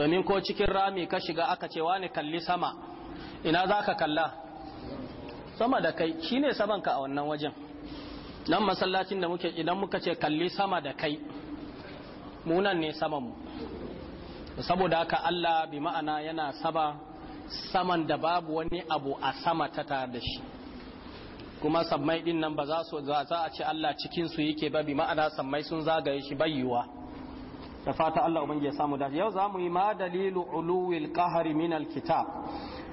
domin ko cikin rami ka shiga aka ce wani kalli sama ina za ka kalla sama da kai shine samanka a wannan wajen nan masallacin da muke idan muka ce kalli sama da kai munan ne samanmu saboda haka Allah bi ma'ana yana saba saman da babu wani abu a sama ta tare da shi kuma sammai din nan ba za su za a ce Allah cikin su yake ba bi ma'ana sammai sun zagaye shi bayyuwa da fata Allah ubangi ya samu dace yau zamu yi ma dalilu uluwil qahri min alkitab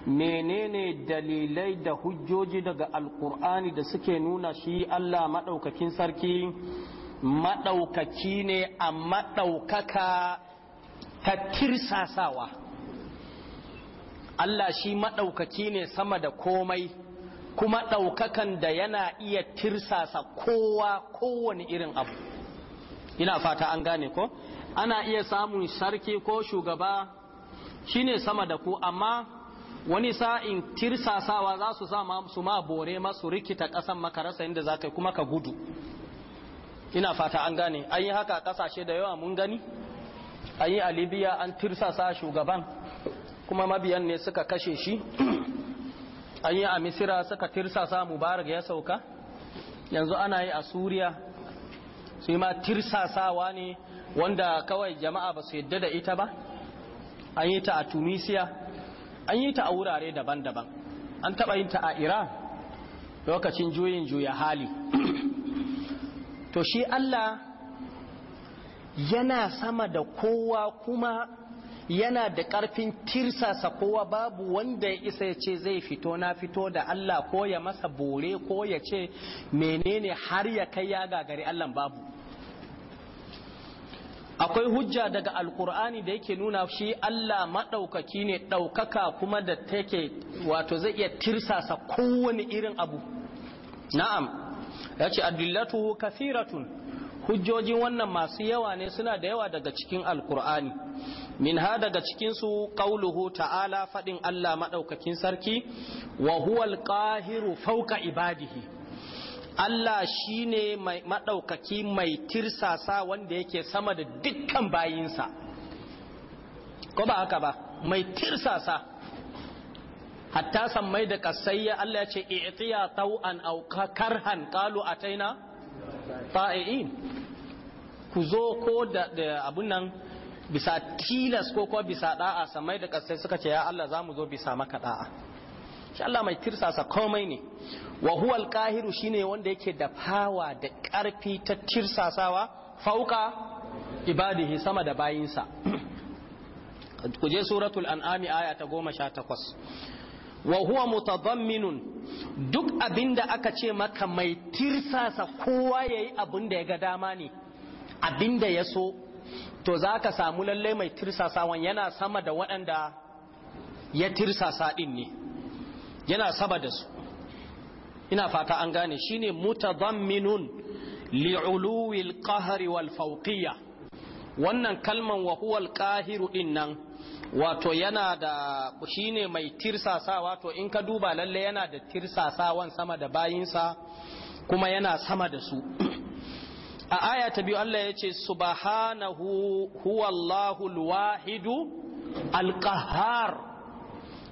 menene dalilai da hujjoji daga alqur'ani da suke nuna shi Allah madaukakin sarki madaukaki ne a madaukaka ta tirsasawa Allah shi madaukaki ne sama da komai kuma ɗaukakan da yana iya tirsasa kowa kowane irin abu ina fata an gane ko ana iya samun sarki ko shugaba shine sama da ku amma wani sa'in tirsasawa za su sa su ma bore masu rikita ƙasan makarasa inda za ka kuma ka gudu ina fata an gane an yi haka ƙasashe da yawa mun gani an yi a libya an tirsasa shugaban kuma mabiyan ne suka kashe shi an yi a misira suka tirsasa mubarak ya sauka yanzu ana yi a suriya su yi ma tirsasawa ne wanda kawai jama'a ba su yadda da ita ba an yi ta a tunisia an yi ta a wurare daban-daban an taɓa yin ta a iran lokacin juyin juya hali to shi allah yana sama da kowa kuma yana da ƙarfin tirsasa kowa babu wanda ya isa ya ce zai fito na fito da Allah ko ya masa bore ko ya ce menene har ya kai ya gagari Allah babu akwai hujja daga alkur'ani da yake nuna shi Allah maɗaukaki ne ɗaukaka kuma da take wato zai iya tirsasa kowane irin abu na'am ya ce adillatuhu kathiratun hujjojin wannan masu yawa ne suna da yawa daga cikin alkur'ani min ha daga cikinsu ƙauluhu ta'ala faɗin Allah maɗaukakin sarki wa huwal ƙahiru fauka ibadihi Allah shi ne maɗaukaki mai tirsasa wanda yake sama da dukkan bayinsa ko ba haka ba mai tirsasa hatta mai da kasai Allah ya ce i'tiya tau'an aw karhan a ataina fa'i'in ku zo ko da abun nan bisa tilas ko ko bisa ɗa'a, mai da ƙasai suka ce ya Allah mu zo bisa maka ɗa'a. shi Allah mai tirsasa komai ne wa huwal qahiru shine wanda yake da fawa da ƙarfi ta tirsasawa fauka ibadihi sama da bayinsa ku je suratul an'ami aya ta 18 wa huwa mutadamminun duk abinda aka ce maka mai tirsasa kowa yayi abinda ya ga dama ne abinda ya so to za ka samu lallai mai tirsasawan yana sama da waɗanda ya tirsasa ɗin ne yana saba da su ina fata an gane shine mutadamminun li'uluwil qahri wal fawqiyya wannan kalman wa huwa al dinnan wato yana da shine mai tirsasa wato in ka duba lalle yana da tirsasawan sama da bayinsa kuma yana sama da su a aya ta biyu Allah ya ce subhanahu huwallahu al-wahidu al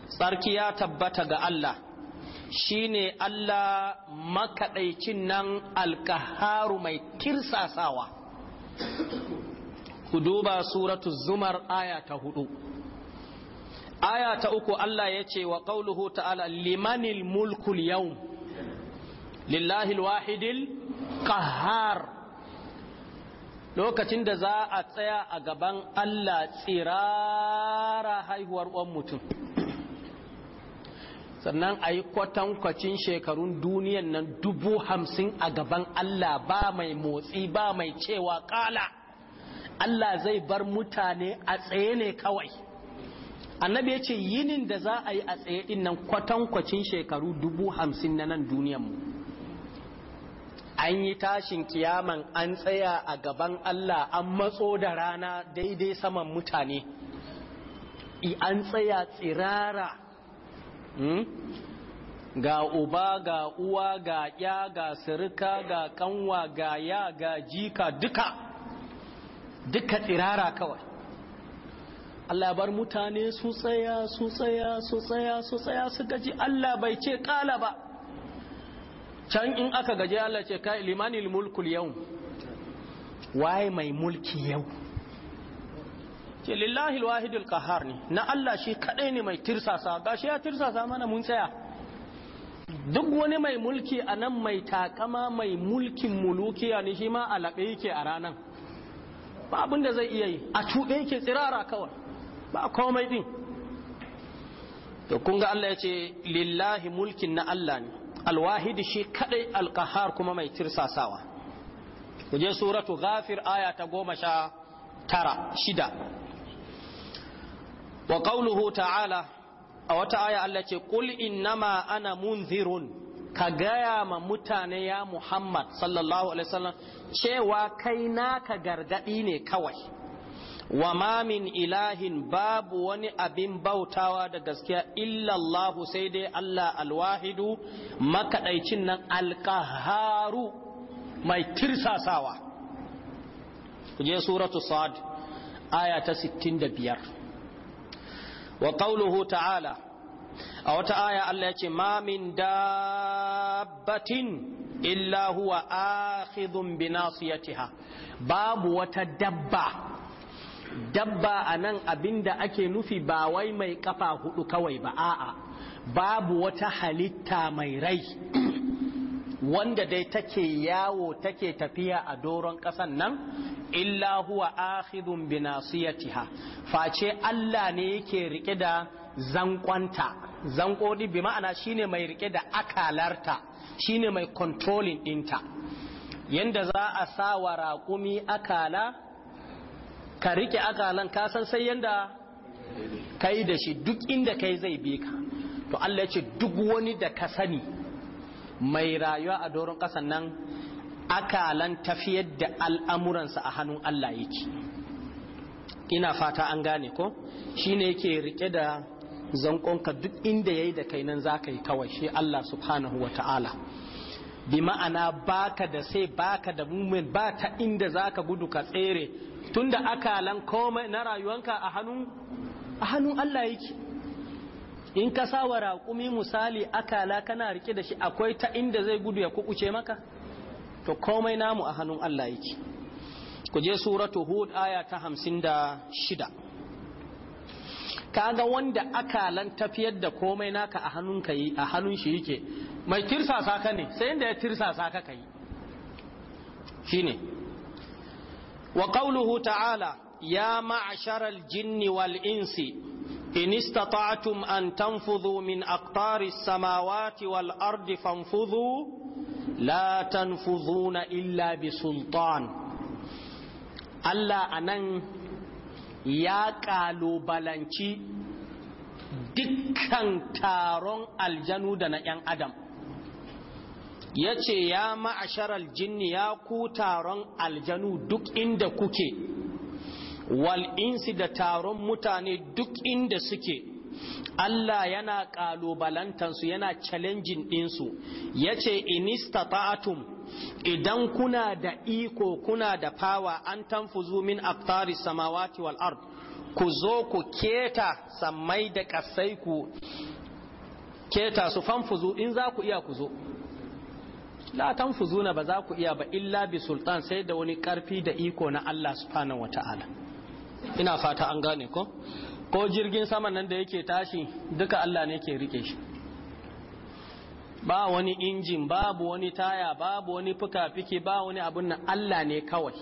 tsarki ya tabbata ga Allah shi ne Allah makaɗaicin nan alkaharu mai kirsasawa ku duba suratu zumar aya ta hudu aya ta uku Allah ya ce wa ƙauluhu ta'ala limanil mulkul yau lillahi wahidil kahar lokacin da za a tsaya a gaban Allah tsirara haihuwar uwan mutum sannan a yi kwatankwacin shekarun duniyan nan dubu hamsin a gaban Allah ba mai motsi ba mai cewa kala Allah zai bar mutane a tsaye ne kawai annabi ya ce yinin da za a yi a tsaye din nan kwatankwacin shekaru dubu hamsin na nan duniyanmu an yi tashin kiyaman an tsaya a gaban Allah an matso da rana daidai saman mutane an tsaya tsirara Hmm? ga uba ga uwa ga ya ga sirika ga kanwa ga ya ga jika duka duka tsirara kawai Allah bar mutane su tsaya su tsaya su tsaya su tsaya su gaji Allah bai ce kala ba can in aka gaji Allah ce ka limanil mulkul yau waye mai mulki yau ce lillahi wahidul kahar ne na Allah shi kadai ne mai tirsasa gashi ya tirsasa mana mun tsaya duk wani mai mulki a nan mai takama mai mulkin mulukiya ne shi ma laɓe yake a ranan ba abin zai iya yi a cuɗe yake tsirara kawai ba komai din to kun ga Allah ya ce lillahi mulkin na Allah ne alwahidi shi kadai alƙahar kuma mai tirsasawa je suratu gafir aya ta goma sha tara shida wa qawluhu ta'ala a wata aya Allah ce qul innama ana munzirun ka gaya ma mutane ya Muhammad sallallahu alaihi wasallam cewa kai naka gargadi ne kawai wa ma min ilahin babu wani abin bautawa da gaskiya illallahu sai dai Allah alwahidu makaɗaicin nan alqaharu mai tirsasawa kuje suratu sad aya ta 65 wa qawluhu ta'ala a wata aya Allah ya ce ma min dabbatin illa huwa akhidhun bi nasiyatiha babu wata dabba dabba a anan abinda ake nufi ba wai mai ƙafa hudu kawai ba a'a babu wata halitta mai rai wanda dai take yawo take tafiya a doron ƙasan nan illa huwa akhidun bi nasiyatiha face Allah ne yake rike da zankonta zankodi bi ma'ana shine mai rike da akalarta shine mai controlling dinta yanda za a sa wa raƙumi akala ka rike akalan ka san sai yanda kai da shi duk inda kai zai bi ka to Allah ya ce duk wani da ka sani mai rayuwa a doron ƙasan nan akalan tafiyar da al'amuransa a hannun Allah yake ina fata an gane ko Shi ne yake rike da zankonka duk inda ya yi da kai nan ka yi kawai shi Allah subhanahu ta'ala bi ma'ana baka da sai baka da mumin ba ta inda za ka gudu ka tsere tunda akalan komai na rayuwanka a a hannun Allah yake in ka sa wa raƙumi misali akala kana rike da shi akwai ta inda zai gudu ya kukuce maka to komai namu a hannun Allah yake ku je suratu hud aya ta hamsin da shida kaga wanda akalan tafiyar da komai naka a hannun ka yi a hannun shi yake mai tirsasa ka ne sai inda ya tirsasa ka kai shine wa qawluhu ta'ala ya ma'sharal jinni wal insi in istata'tum an tanfudhu min aqtari samawati wal ardi fanfudhu la tanfudhuna illa bi sultan Allah anan ya kalubalanci dukkan taron aljanu da na 'yan adam ya ce ya ma'asharar jinni ya ku taron aljanu duk inda kuke wal insi da taron mutane duk inda suke Allah yana ƙalubalantansu yana challenging ɗinsu ya ce inistata'atum idan kuna da iko kuna da fawa an tanfuzu min aftari samawati wal ard ku zo ku keta sammai da ƙasai ku keta su fanfuzu in za ku iya ku zo la tanfuzuna ba za ku iya ba illa bi sultan sai da wani ƙarfi da iko na Allah subhanahu wata'ala ina fata an gane ko ko jirgin sama nan da yake tashi duka Allah ne ke rike shi ba wani injin babu wani taya babu wani fuka-fiki ba wani abun nan Allah ne kawai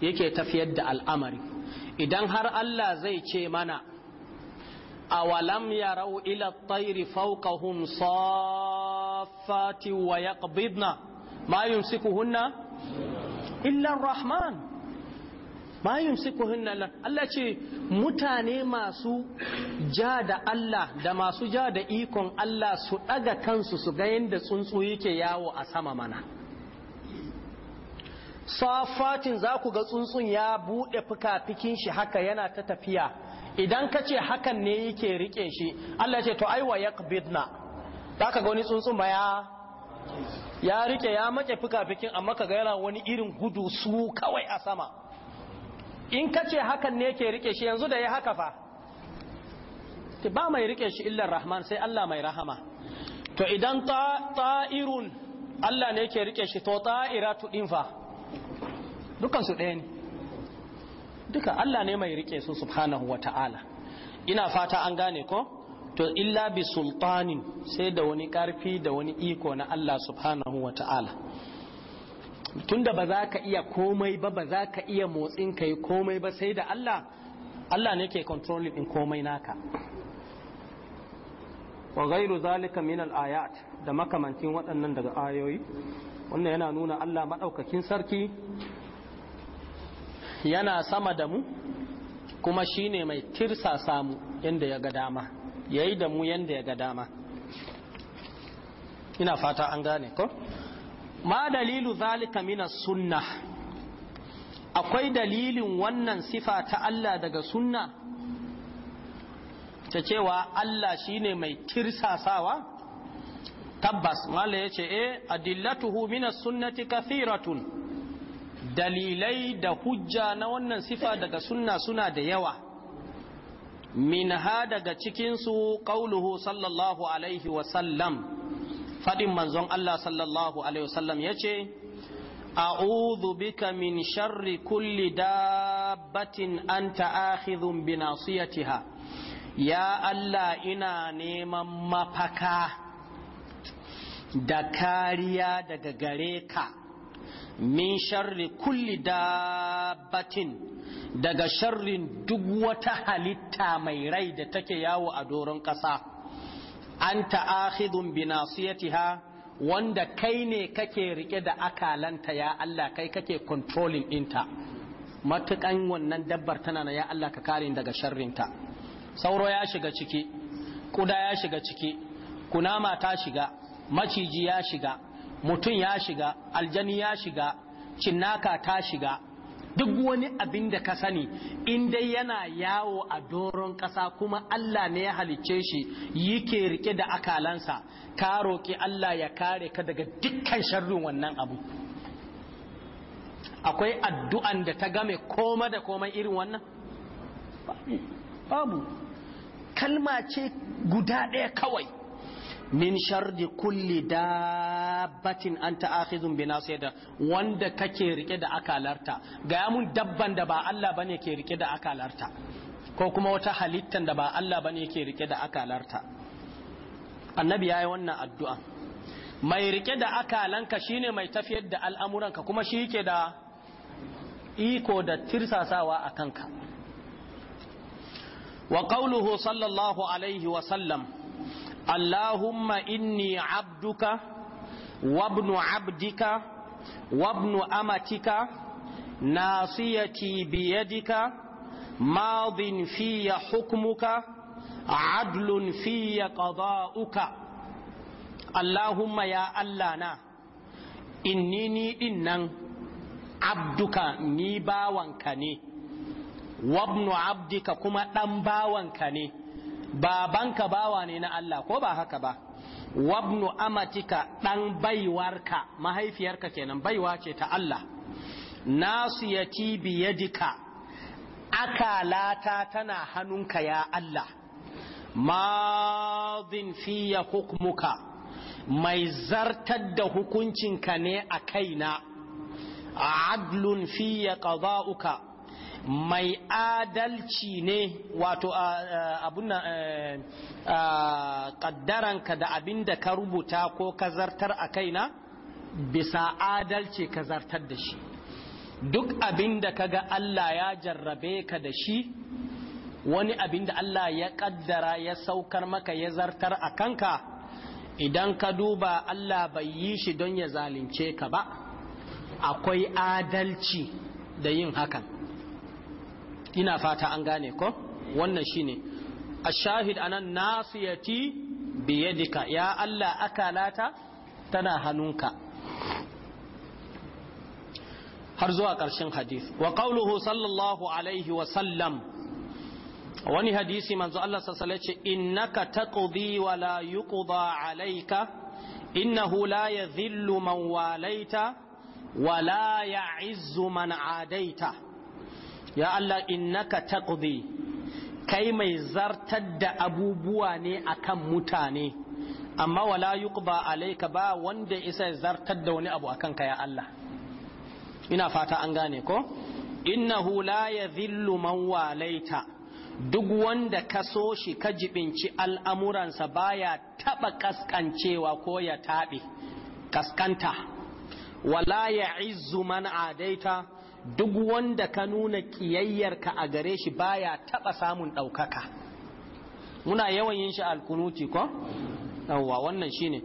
yake tafiyar da al'amari idan har Allah zai ce mana awalam yarau ila tsairi fawqahum saffati wa yaqbidna ma yumsikuhunna illa rahman ma yumsikuhunna Allah Allah ce mutane masu ja da Allah da masu ja da ikon Allah su daga kansu su ga yadda tsuntsu yake yawo a sama mana safatin za ku ga tsuntsun ya buɗe fikafikin shi haka yana ta tafiya idan ka ce hakan ne yake rike shi Allah ce to aiwa kabidna za ka ga tsuntsun ba ya ya rike ya make fikafikin amma ka ga yana wani irin gudu su kawai a sama in ka ce hakan ne ke rike shi yanzu da ya haka fa ba mai rike shi illar rahman sai Allah mai rahama to idan ta'irun Allah ne ke rike shi to ta'iratu din fa dukan ɗaya ne duka Allah ne mai rike su subhanahu wa ta'ala ina fata an gane ko to illa bi sultanin sai da wani karfi da wani iko na Allah subhanahu wa ta'ala. tunda ba za ka iya komai ba ba za ka iya motsin ka yi komai ba sai da Allah Allah ne ke controlling din komai naka wa ghairu zalika min al-ayat da makamantin waɗannan daga ayoyi wannan yana nuna Allah maɗaukakin sarki yana sama da mu kuma shine mai tirsa samu yanda ya ga dama yayi da mu yanda ya ga dama ina fata an gane ko ma dalilu zalika mina sunna akwai dalilin wannan sifa ta Allah daga sunna ta cewa Allah shine mai kirsasawa tabbas mala ya ce eh adillatuhu mina sunnati kathiratun dalilai da hujja na wannan sifa daga sunna suna da yawa min ha daga cikinsu ƙauluhu sallallahu alaihi wasallam fadin manzon Allah sallallahu alaihi wasallam yace a'udhu bika min sharri kulli dabbatin anta akhidhun bi nasiyatiha ya Allah ina neman mafaka da kariya daga gare ka min sharri kulli dabbatin daga sharrin duk wata halitta mai rai da take yawo a doron ƙasa anta akhidun bi nasiyatiha wanda kai ne kake rike da akalanta ya Allah kai kake controlling ɗinta matukan wannan dabbar tana na ya Allah ka kare daga sharrinta sauro ya shiga ciki kuda ya shiga ciki kunama ta shiga maciji ya shiga mutum ya shiga aljani ya shiga cinnaka ta shiga duk wani abin da ka sani in dai yana yawo a doron ƙasa kuma Allah ne ya halicce shi yake rike da akalansa ka roƙi Allah ya kare ka daga dukkan sharrin wannan abu akwai addu'an da ta game koma da komai irin wannan babu kalma ce guda ɗaya kawai min shardi kulli dabbatin anta akhizun bi nasiyata wanda kake rike da akalarta ga mun dabban da ba Allah bane ke rike da akalarta ko kuma wata halittan da ba Allah bane ke rike da akalarta annabi yayi wannan addu'a mai rike da akalanka shine mai tafiyar da al'amuranka kuma shi yake da iko da tirsasawa a kanka wa qawluhu sallallahu alaihi wa sallam Allahumma inni abduka wabnu abdika wabnu amatika nasiyati biyadika madin fiya hukmuka adlun fiya qada'uka Allahumma ya Allah inni ni din nan abduka ni bawanka ne wabnu abdika kuma dan bawanka ne babanka bawa ne na Allah ko ba haka ba wabnu amatika ɗan baiwarka mahaifiyarka kenan baiwa ce ta Allah Nasu ya biyadika akalata tana hannunka ya Allah madin fiye hukmuka mai zartar da hukuncinka ne a kaina adlun fiye qada'uka mai adalci ne wato abun eh, kaddaranka da abin da ka rubuta ko ka zartar a kaina bisa adalci ka zartar da shi duk abin da ka ga Allah ya jarrabe ka da shi wani abin da Allah ya kaddara ya saukar maka ya zartar a kanka idan ka duba Allah bai yi shi don ya zalunce ka ba akwai adalci da yin hakan ina fata an gane ko wannan shine ashahid anan nasiyati biyadika ya Allah akalata tana hannunka har zuwa ƙarshen hadith wa qauluhu sallallahu alaihi wa sallam wani hadisi manzo Allah sallallahu ce innaka taqdi wa la yuqda alayka innahu la yadhillu man walaita wa la ya'izzu man adaita ya Allah innaka taqdi kai mai zartar da abubuwa ne akan mutane amma wala yuqba alayka ba wanda isa zartar da wani abu akan ka ya Allah ina fata an gane ko innahu la yadhillu man walaita duk wanda ka so shi ka jibinci al'amuransa baya taba kaskancewa ko ya taɓe kaskanta wala ya izu man adaita duk wanda ka nuna ƙiyayyarka a gare shi baya taɓa samun ɗaukaka muna yawan yin shi alkunuti ko? yawwa wannan shine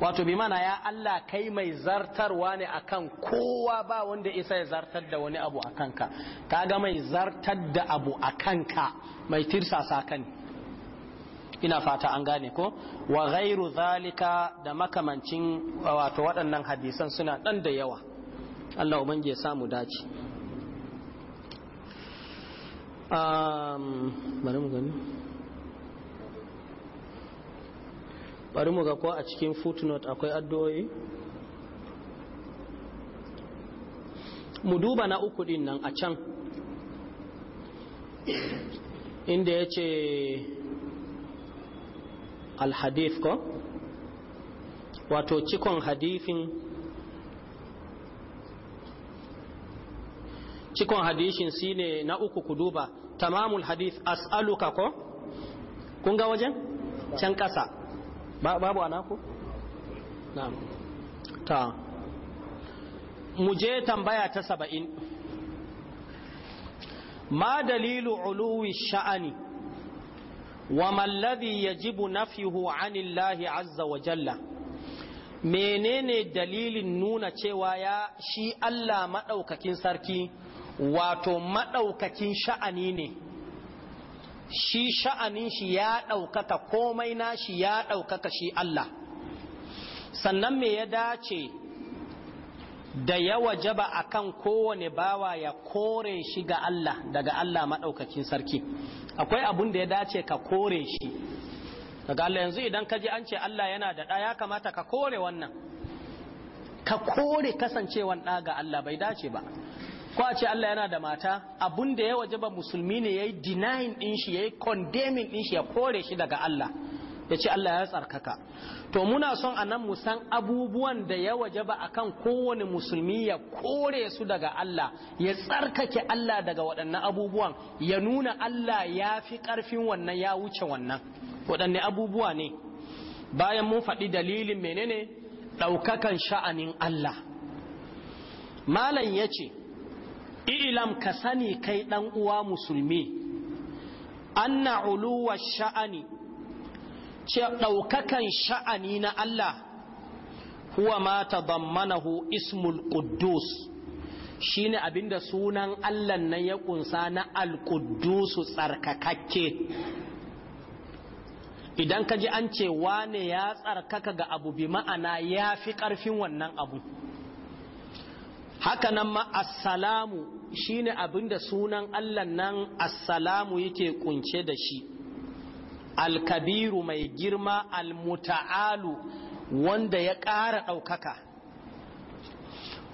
wato bi mana ya Allah kai mai zartarwa ne akan kowa ba wanda isa ya zartar da wani abu a kanka kaga mai zartar da abu a kanka mai tirsasa kan ina fata an gane ko wa ghairu zalika da makamancin wato waɗannan hadisan suna ɗan da yawa Allah ubangi ya samu dace um, bari mu ga ko a cikin footnote akwai addu'o'i mu duba na uku din nan a can inda ya ce alhadif ko wato cikon hadifin cikon hadishin shine na uku ku duba tamamul hadith as'aluka ko kun ga wajen can kasa babu anaku na'am ta mu tambaya ta saba'in ma dalilu uluwi sha'ani wa mallazi yajibu nafihu anillahi azza wa jalla menene dalilin nuna cewa ya shi Allah maɗaukakin sarki wato maɗaukakin sha'ani ne shi sha'anin shi ya ɗaukaka komai na shi ya ɗaukaka shi Allah sannan me ya dace da ya wajaba a kan kowane bawa ya kore shi ga Allah daga Allah maɗaukakin sarki akwai abun da ya dace ka kore shi daga Allah yanzu idan ka ji an ce Allah yana da ɗaya kamata ka kore wannan ka kore kasancewan ɗa ga Allah bai dace ba ko a ce Allah yana da mata abun da ya waje ba musulmi ne ya yi denying din shi ya yi condemning din shi ya kore shi daga Allah ya ce Allah ya tsarkaka to muna son a nan san abubuwan da ya waje ba akan kowane musulmi ya kore su daga Allah ya tsarkake Allah daga waɗannan abubuwan ya nuna Allah ya fi ƙarfin wannan ya wuce wannan waɗanne abubuwa ne bayan mun faɗi dalilin menene ɗaukakan sha'anin Allah malam ya ce ilam ka sani kai ɗan uwa musulmi anna uluwa sha'ani ce ɗaukakan sha'ani na Allah huwa ma tadammanahu ismul quddus shine abinda sunan Allah na ya kunsa na al-quddus tsarkakakke idan ka ji an ce wane ya tsarkaka ga abu bi ma'ana ya fi ƙarfin wannan abu haka nan ma assalamu shine abinda sunan Allah nan assalamu yake kunce da shi alkabiru mai girma almuta'alu wanda ya ƙara ɗaukaka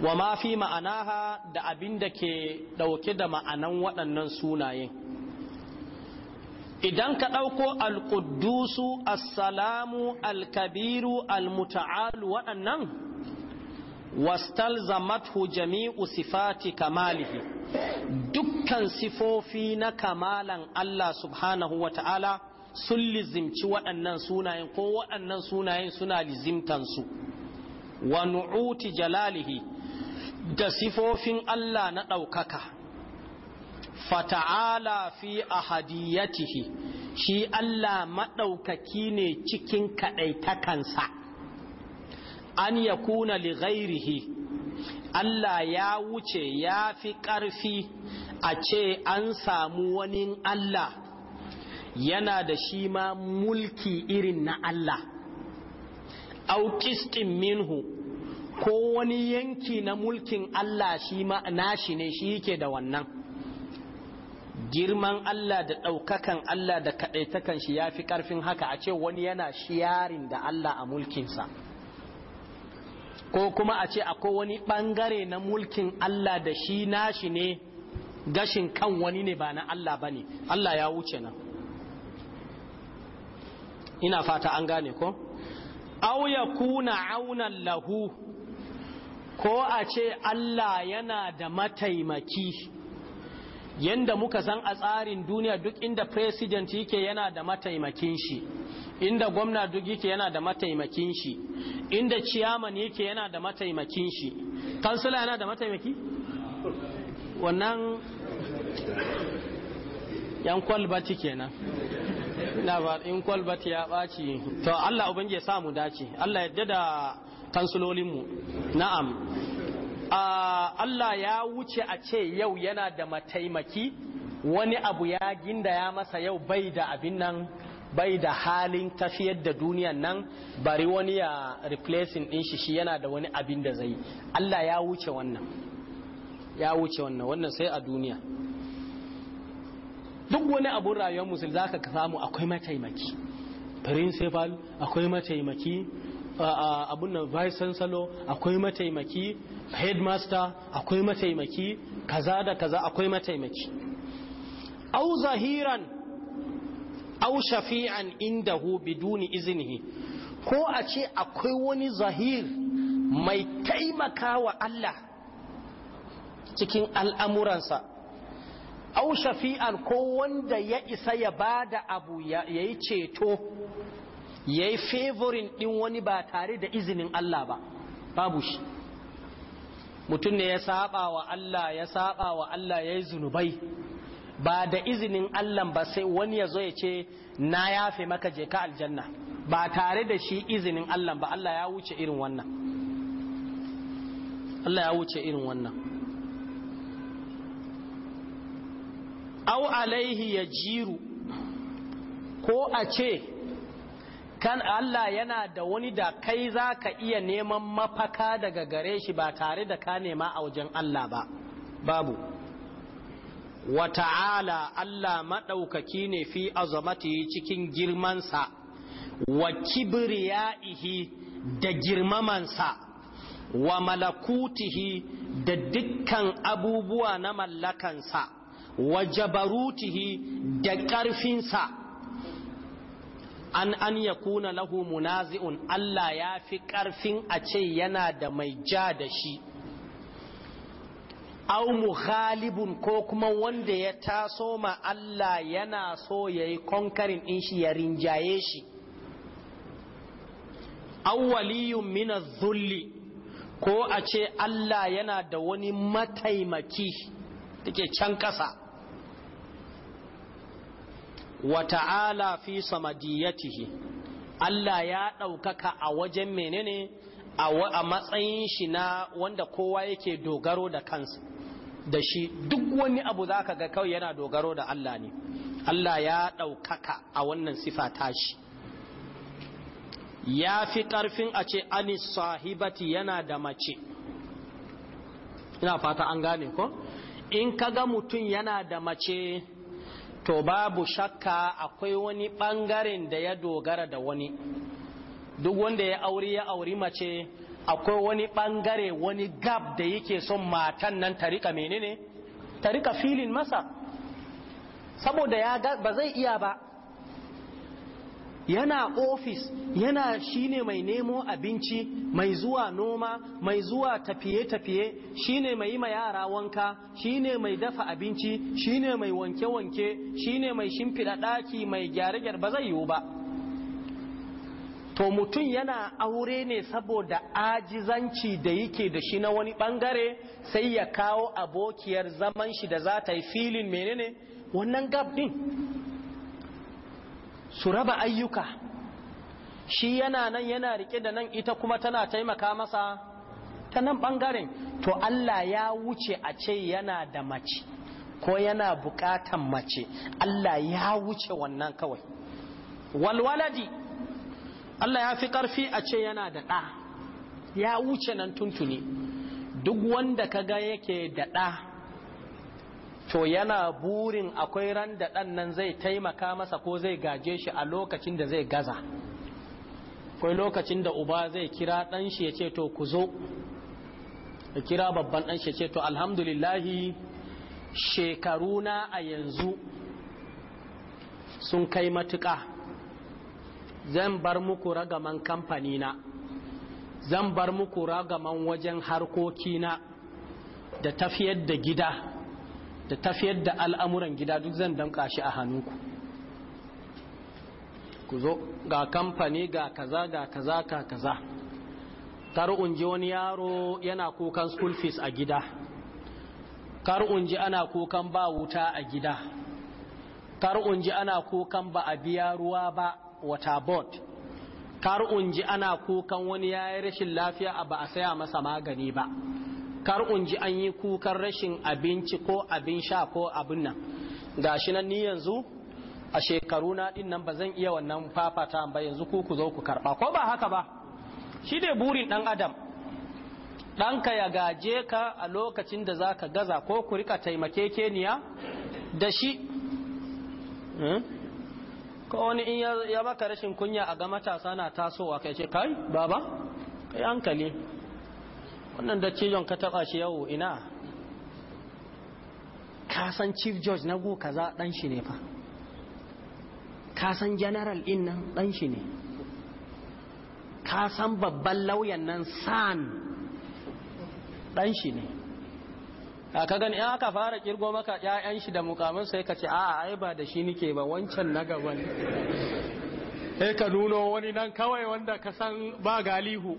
wa ma fi ma'anaha da abinda ke ɗauke da ma'anan waɗannan sunayen idan ka ɗauko alƙuddusu assalamu alkabiru almuta'alu waɗannan wastalzamathu jami'u sifati kamalihi dukkan sifofi na kamalan Allah subhanahu wa ta'ala sun lizimci waɗannan sunayen ko waɗannan sunayen suna lizimtansu wa nu'uti jalalihi da sifofin Allah na ɗaukaka fata'ala fi ahadiyatihi shi Allah maɗaukaki ne cikin kaɗaitakansa an yakuna li ghairihi Allah ya wuce ya fi ƙarfi a ce an samu wani Allah yana da shi ma mulki irin na Allah auƙistin minhu ko wani yanki na mulkin Allah shi ma nashi ne shi yake da wannan girman Allah da ɗaukakan Allah da kaɗaitakan shi ya fi ƙarfin haka a ce wani yana shiyarin da Allah a mulkinsa ko kuma a ce akwai wani bangare na mulkin Allah da shi nashi ne gashin kan wani ne ba na Allah ba ne Allah ya wuce nan ina fata an gane ko Auya kuna aunan lahu ko a ce Allah yana da mataimaki yanda muka san a tsarin duniya duk inda president yake yana da mataimakin shi inda gwamna duk yake yana da mataimakin shi inda chairman yake yana da mataimakin shi kansula yana da mataimaki wannan yan kwalbati kenan ina ba in kwalbati ya ɓaci to Allah ubangiji ya samu dace Allah ya da mu na'am Ah, Allah ya wuce a ce yau yana da mataimaki wani abu ya ginda ya masa yau bai da abin nan bai da halin tafiyar da duniyan nan bari wani ya replacing din shi shi yana da wani abin da zai Allah ya wuce wannan ya wuce wannan wannan sai a duniya duk wani abun rayuwar musul zaka samu akwai mataimaki principal akwai mataimaki abun nan vice salo akwai mataimaki headmaster akwai mataimaki kaza da kaza akwai mataimaki au zahiran au shafi'an indahu biduni izini. ko a ce akwai wani zahir mai taimaka wa Allah cikin al'amuransa au shafi'an ko wanda ya isa ya ba da abu ya yi ceto ya yi favorin ɗin wani ba tare da izinin Allah ba babu shi mutum ne ya saba wa Allah ya saba wa Allah ya yi zunubai ba da izinin Allah ba sai wani ya zo ya ce na yafe maka je ka aljanna ba tare da shi izinin Allah ba Allah ya wuce irin wannan Allah ya wuce irin wannan au alaihi ya jiru ko a ce kan Allah yana da wani da kai za ka iya neman mafaka daga gare shi ba tare da ka nema a wajen Allah ba babu wa ta'ala Allah maɗaukaki ne fi azamati cikin girmansa wa kibriya'ihi da girmamansa wa malakutihi da dukkan abubuwa na mallakansa wa jabarutihi da ƙarfinsa an an kuna lahu munazi'un Allah ya fi karfin a ce yana da mai ja da shi au muhalibun ko kuma wanda ya taso ma Allah yana so ya yi konkarin din shi ya rinjaye shi awwaliyun min zulli ko a ce Allah yana da wani mataimaki take can ƙasa. wa ta'ala fi samadiyatihi Allah ya ɗaukaka a wajen menene a matsayin shi na wanda kowa yake dogaro da kansa da shi duk wani abu za ka ga kawai yana dogaro da Allah ne Allah ya ɗaukaka a wannan sifa tashi ya fi ƙarfin a ce ani sahibati yana da mace ina fata an gane ko in ka ga mutum yana da mace to babu shakka akwai wani ɓangaren da ya dogara da wani duk wanda ya aure ya auri mace akwai wani ɓangare wani gab da yake son matan nan tarika menene tarika filin masa saboda ya ba zai iya ba yana ofis yana shine mai nemo abinci mai zuwa noma mai zuwa tafiye-tafiye shine mai yi ma yara wanka shine mai dafa abinci shine mai wanke-wanke shine mai shimfiɗa ɗaki mai gyare-gyare ba zai yiwu ba to mutum yana aure ne saboda ajizanci da yake da shi na wani bangare sai ya kawo abokiyar zaman shi da za ta yi filin menene wannan gab din su raba ayyuka shi yana nan yana rike da nan ita kuma tana taimaka masa ta nan bangaren to Allah ya wuce a ce yana da mace ko yana buƙatan mace Allah ya wuce wannan kawai walwaladi Allah ya fi karfi a ce yana da ɗa ya wuce nan tuntuni duk wanda kaga yake da ɗa to yana burin akwai ran da ɗan nan zai taimaka masa ko zai gaje shi a lokacin da zai gaza akwai lokacin da uba zai kira ɗan shi ya ce to ku zo ya kira babban ɗan shi ya ce to alhamdulillahi shekaruna a yanzu sun kai matuka. zan bar muku ragaman kamfani na. zan bar muku ragaman wajen harkokina da tafiyar da gida da tafiyar da al'amuran gida duk zan damƙa shi a hannunku ku zo ga kamfani ga kaza ga kaza ga kaza kar ji wani yaro yana kukan school fees a gida kar ji ana kukan ba wuta a gida kar ji ana kukan ba a biya ruwa ba wata board kar ji ana kukan wani yayi rashin lafiya a ba a saya masa magani ba kar unji an yi kukan rashin abinci ko abin sha ko abin nan ga shi nan ni yanzu a shekaru na din nan ba zan iya wannan fafata ba yanzu ku ku zo ku karba ko ba haka ba shi dai burin dan adam ɗanka ya gaje ka a lokacin da za ka gaza ko ku rika taimake taimakekeniya da shi hmm? ko wani in ya maka rashin kunya a ga matasa na tasowa kai ce kai baba kai hankali wannan dattijon ka taba shi yau ina kasan chief judge na goka kaza dan shi ne fa kasan general din nan dan shi ne kasan babban lauyan nan san dan shi ne ka gani in aka fara kirgo maka ƴaƴan shi da mukamin sai ka ce a'a ai ba da shi nike ba wancan na gaban sai ka nuno wani nan kawai wanda ka san ba galihu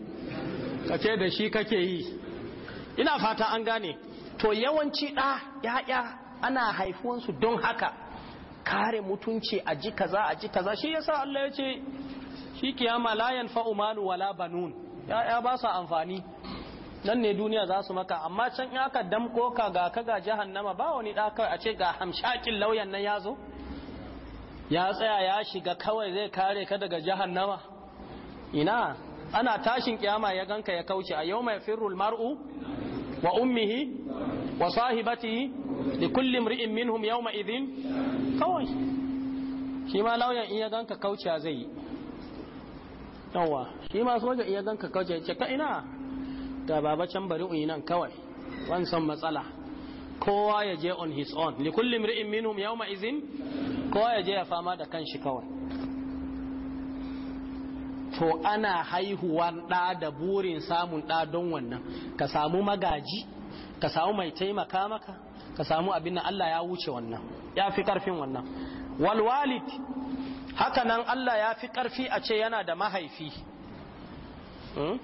ka ce da shi kake yi ina fata an gane to yawanci ɗa ya'ya ana haifuwansu don haka kare mutunci a ji kaza a ji kaza shi yasa Allah ya ce shi kiyama la yanfa'u malu wala banun ya'ya ba su amfani nan ne duniya za su maka amma can ya ka damko ka ga ka ga jahannama ba wani ɗa kawai a ce ga hamshakin lauyan nan ya zo ya tsaya ya shiga kawai zai kare ka daga jahannama ina ana tashin kiyama ya ganka ya kauce a yau mai firul mar'u wa ummihi wa sahibati li kulli imri'in minhum yawma idhin kawai shi ma lauyan iya ganka kauce zai yi yawa shi ma soja iya ganka kauce ce ka ina ga baba can bari uyi nan kawai wansan matsala kowa ya je on his own li kulli imri'in minhum yawma idhin kowa ya je ya fama da kanshi kawai to ana haihuwan ɗa da burin samun ɗa don wannan ka samu magaji ka samu mai taimaka maka ka samu abin Allah ya wuce wannan ya fi ƙarfin wannan walwalid haka nan Allah ya fi ƙarfi a ce yana da mahaifi hmm?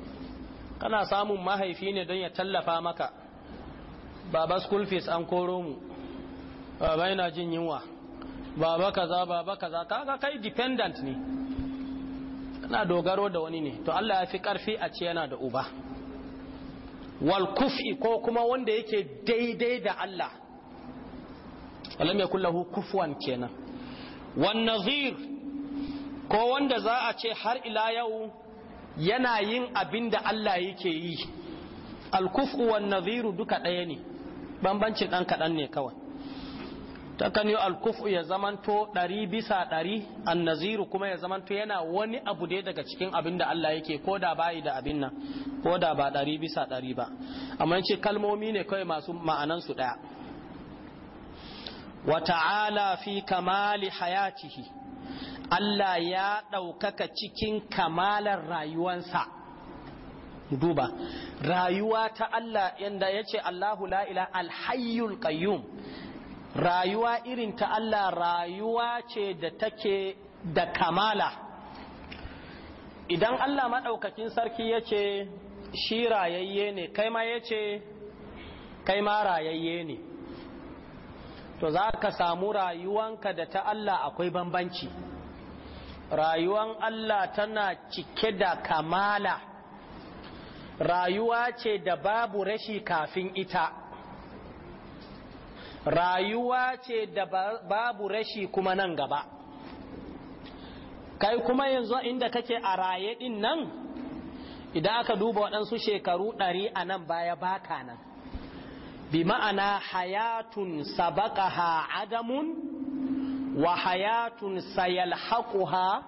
kana samun mahaifi ne don ya tallafa maka baba school fees an koro mu baba yana jin yunwa baba kaza baba kaza kaga kai dependent ne kana dogaro da wani ne to Allah ya fi karfi a ce yana da uba wal kufi ko kuma wanda yake daidai da Allah alam yakul lahu kufuwan kenan wan nazir ko wanda za a ce har ila yau yana yin abin da Allah yake yi al kufu wan naziru duka ɗaya ne bambancin dan kaɗan ne kawai kan yi alkufu ya zamanto ɗari bisa ɗari annaziru kuma ya zamanto yana wani abu ne daga cikin abin da Allah yake ko da bayi da abin nan ko da ba ɗari bisa ɗari ba amma yace kalmomi ne kawai masu ma'anansu ɗaya wa ta'ala fi kamali hayatihi Allah ya ɗaukaka cikin kamalar rayuwansa duba rayuwa ta Allah yanda yace Allahu la al alhayyul qayyum rayuwa irin ta Allah rayuwa ce da take da kamala idan Allah maɗaukakin sarki ya ce shi rayayye ne kai ma ya ce kai ma rayayye ne to za ka samu rayuwanka da ta Allah akwai bambanci rayuwan Allah tana cike da kamala rayuwa ce da babu rashi kafin ita rayuwa ce da babu rashi kuma nan gaba kai kuma yanzu inda kake a raye din nan idan aka duba waɗansu shekaru ɗari a nan baya baka nan bi ma'ana hayatun sabaqaha adamun wa hayatun sayalhaquha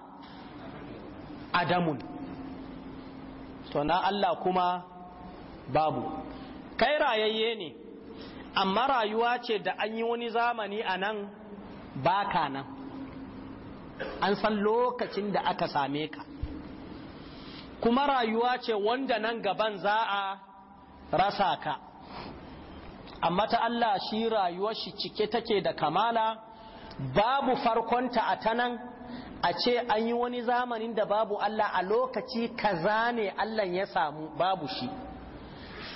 adamun to na Allah kuma babu kai rayayye ne amma rayuwa ce da an yi wani zamani a nan baka nan an san lokacin da aka same ka kuma rayuwa ce wanda nan gaban za a rasa ka amma ta Allah shi rayuwar shi cike take da kamala babu farkon ta a ta nan a ce an yi wani zamanin da babu Allah a lokaci kaza ne Allah ya samu babu shi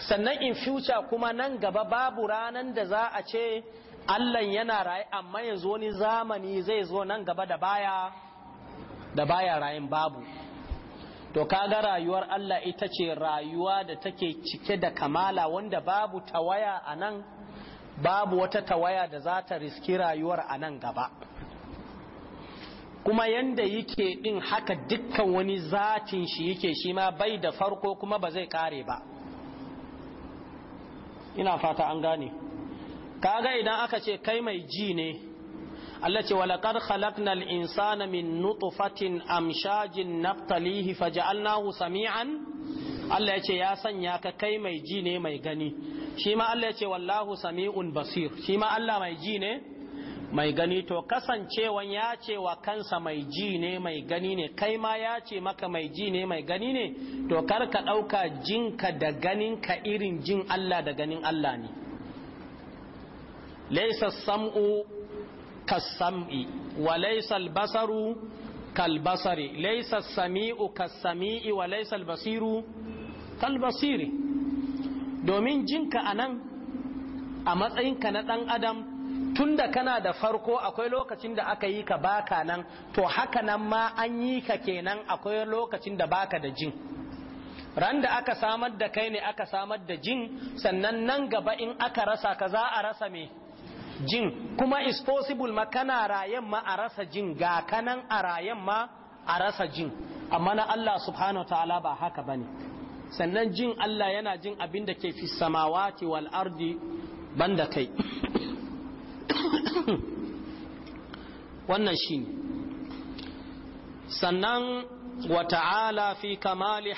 sannan in future kuma nan gaba babu ranan da za a ce Allah yana raye amma yanzu wani zamani zai zo nan gaba da baya da baya rayin babu to kaga rayuwar Allah ita ce rayuwa da take cike da kamala wanda babu tawaya a nan babu wata tawaya da za ta riski rayuwar a nan gaba kuma yanda yake din haka dukkan wani zatin shi yake shi ma bai da farko kuma ba zai kare ba ina fata an gane kaga idan aka ce kai mai ji ne Allah ce walaqad khalaqnal insana min nutfatin amshajin naftalihi faja'alnahu sami'an Allah ya ce ya sanya ka kai mai ji ne mai gani shi ma Allah ya ce wallahu sami'un basir shi ma Allah mai ji ne mai gani to kasancewan ya ce wa kansa mai ji ne mai gani ne kai ma ya ce maka mai ji ne mai gani ne to kar ka ɗauka jinka da ganinka irin jin Allah da ganin Allah ne laisa sam'u sam'i wa laisa albasaru basari laisa sami'u sami'i wa laisa albasiru basiri domin jinka anan a matsayinka na ɗan adam tunda kana da farko akwai lokacin da aka yi ka baka nan to haka nan ma an yi ka kenan akwai lokacin da baka da jin ran da aka samar da kai ne aka samar da jin sannan nan gaba in aka rasa ka za a rasa me jin kuma is possible ma kana rayen ma a rasa jin ga kanan a rayen ma a rasa jin amma na Allah subhanahu ta'ala ba haka bane sannan jin Allah yana jin abin da ke fi samawati wal ardi banda kai wannan shi sannan wa ta'ala fi kamali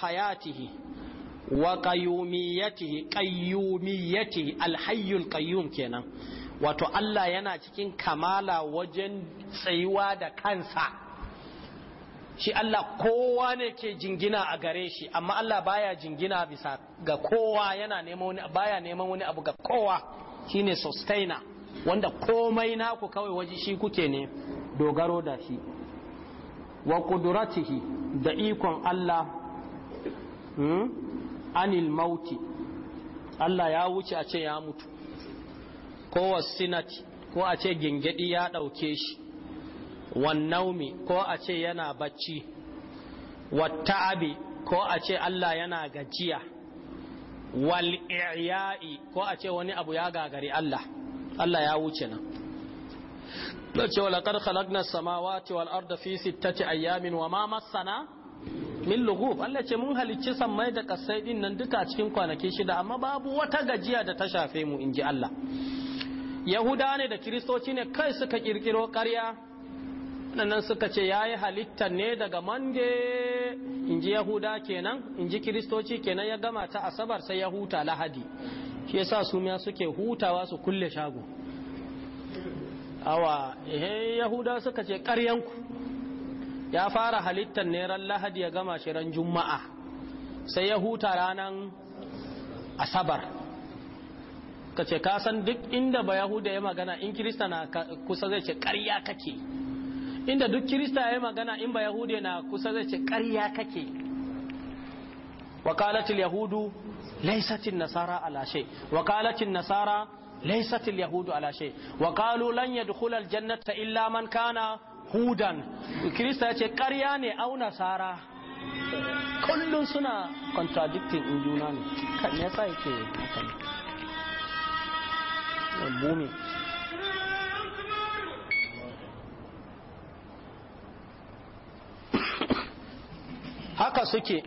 hayatihi wa kayyumiyatihi kayyumiyatihi alhayyul kayyum kenan wato Allah yana cikin kamala wajen tsayuwa da kansa shi Allah kowa ne ke jingina a gare shi amma Allah baya jingina bisa ga kowa yana neman wani baya neman wani abu ga kowa shine sustainer wanda komai naku kawai waje shi kuke ne dogaro da shi wa kudratihi da ikon Allah hmm, anil mauti Allah ya wuce a ce ya mutu ko wasinati ko a ce gingidi ya ɗauke shi wannaumi ko a ce yana bacci wata'abi ko a ce Allah yana gajiya wal ko a ce wani abu ya gagari Allah Allah ya wuce nan da cewa laqad khalaqna samawati wal arda fi sittati ayyamin wa ma massana min lughub Allah ce mun halicci sammai da kasai din nan duka cikin kwanaki shida amma babu wata gajiya da ta shafe mu in ji Allah Yahuda ne da Kiristoci ne kai suka kirkiro ƙarya nan suka ce yayi halitta ne daga mange in ji Yahuda kenan in ji Kiristoci kenan ya gama ta asabar sai ya huta Lahadi shi yasa su miya suke hutawa su kulle shago awa eh yahuda suka ce ƙaryanku ya fara halittar ne ran lahadi ya gama shi ran juma'a sai ya huta ranan asabar ka ce ka san duk inda ba yahuda ya magana in kirista na kusa zai ce ƙarya kake inda duk kirista ya magana in ba yahuda na kusa zai ce ƙarya kake wakalatul yahudu laysatin nasara ala shay nasara laysatil yahudu ala shay wa qalu lan illa man kana hudan kirista ya ce ƙarya ne au nasara kullum suna contradicting in juna ne kan yasa yake hakan bumi haka suke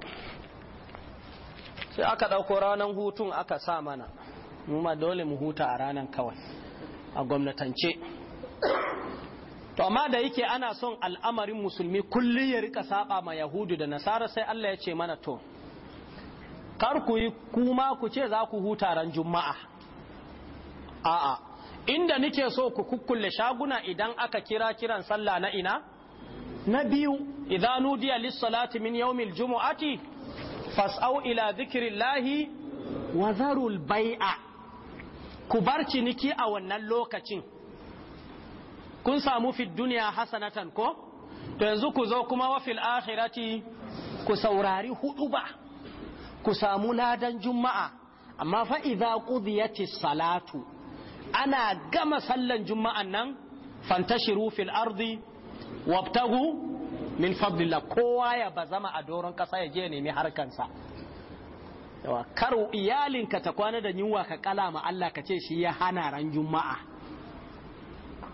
sai aka ɗauko ranar hutun aka sa mana muma dole mu huta a ranar kawai a gwamnatance to amma da yake ana son al'amarin musulmi kulli ya rika saba ma yahudu da nasara sai Allah ya ce mana to kar ku yi kuma ku ce za ku huta ran juma'a a'a inda nike so ku kukkulle shaguna idan aka kira kiran sallah na ina na biyu Idanu diya lis min yawmil jumu'ati fas'au ila zikirillahi wa zarul bai'a ku bar ciniki a wannan lokacin kun samu fi duniya hasanatan ko to yanzu ku zo kuma wa fil akhirati ku saurari hudu ba ku samu ladan juma'a amma fa idza qudiyatis salatu ana gama sallan juma'an nan fantashiru fil ardi wabtagu min fadlillah kowa ya bazama a doron kasa ya je ya nemi harkansa yawa Karu iyalinka ta kwana da yunwa ka kala ma Allah ka ce shi ya hana ran juma'a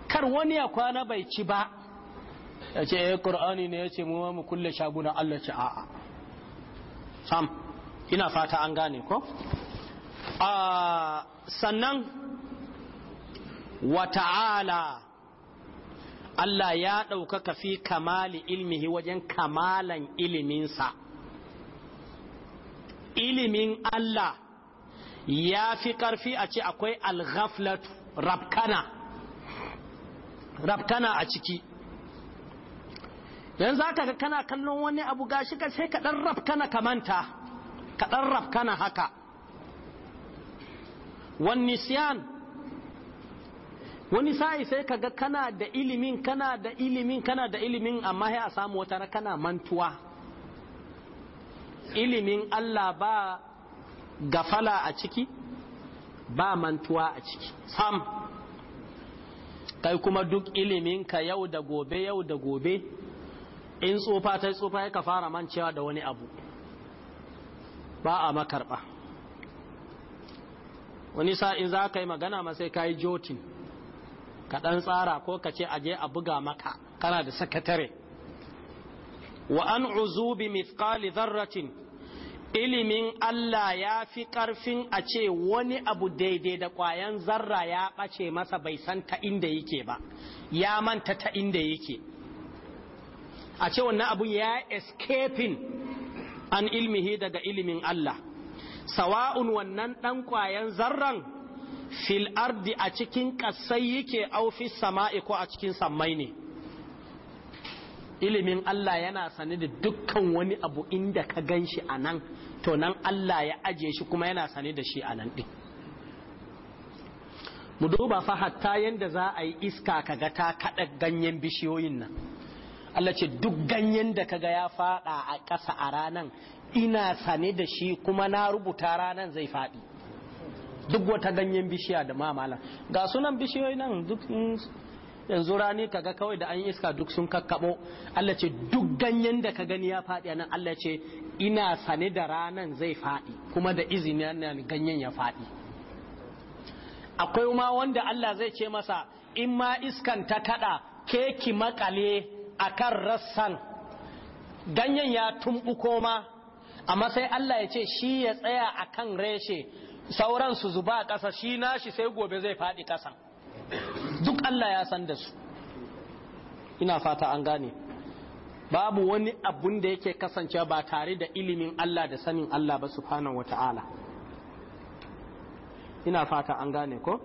kar wani ya kwana bai ci ba ya ce eh qur'ani ne ya ce mu mu kulle shaguna Allah ce a'a sam ina fata an gane ko a ah, sannan wa ta'ala Allah ya ɗaukaka fi kamali ilmihi wajen kamalan iliminsa ilimin Allah ya fi ƙarfi a ce akwai alghaflatu rabkana rabkana a ciki za aka ga kana kallon wani abu gashi ka sai kaɗan rabkana kamanta kaɗan rabkana haka Wannisiyan. wani sa'i sai kaga kana da ilimin kana da ilimin kana da ilimin amma sai a samu wata kana mantuwa ilimin Allah ba gafala a ciki ba mantuwa a ciki sam kai kuma duk iliminka yau da gobe yau da gobe in tsufa ta tsufa ka fara mancewa da wani abu ba a makarba wani sa'in za ka yi magana ma sai ka yi jotin ka ɗan tsara ko ka ce aje a buga maka kana da sakatare wa an bi mithqali dharratin ilimin Allah ya fi ƙarfin a ce wani abu daidai da ƙwayan zarra ya ɓace masa bai san ta inda yake ba ya manta ta inda yake a ce wannan abu ya escaping an ilmihi daga ilimin Allah sawa'un wannan ɗan ƙwayan zarran fil ardi a cikin ƙasai yake aufi sama'i ko a cikin sammai ne ilimin Allah yana sane da dukkan wani abu inda ka gan shi a nan to nan Allah ya ajiye shi kuma yana sane da shi a nan ɗin mu duba fa hatta yanda za a yi iska kaga ta kaɗa ganyen bishiyoyin nan Allah ce duk ganyen da ka ga ya faɗa a ƙasa a ranan ina sane da shi kuma na rubuta ranan zai faɗi duk wata ganyen bishiya da mamala ga sunan bishiyoyi nan duk yanzu rani kaga kawai da an yi iska duk sun kakkabo Allah ce duk ganyen da ka gani ya faɗi nan Allah ce ina sane da ranan zai faɗi kuma da izini nan ganyen ya faɗi akwai ma wanda Allah zai ce masa in ma iskan ta kada keki makale akan rassan ganyen ya tumbu koma, amma sai Allah ya ce shi ya tsaya akan reshe sauran su zuba ƙasa shi nashi sai gobe zai faɗi ƙasa duk Allah ya san da su ina fata an gane babu wani abun da yake kasancewa ba tare da ilimin Allah da sanin Allah ba subhanahu wata'ala ina fata an gane ko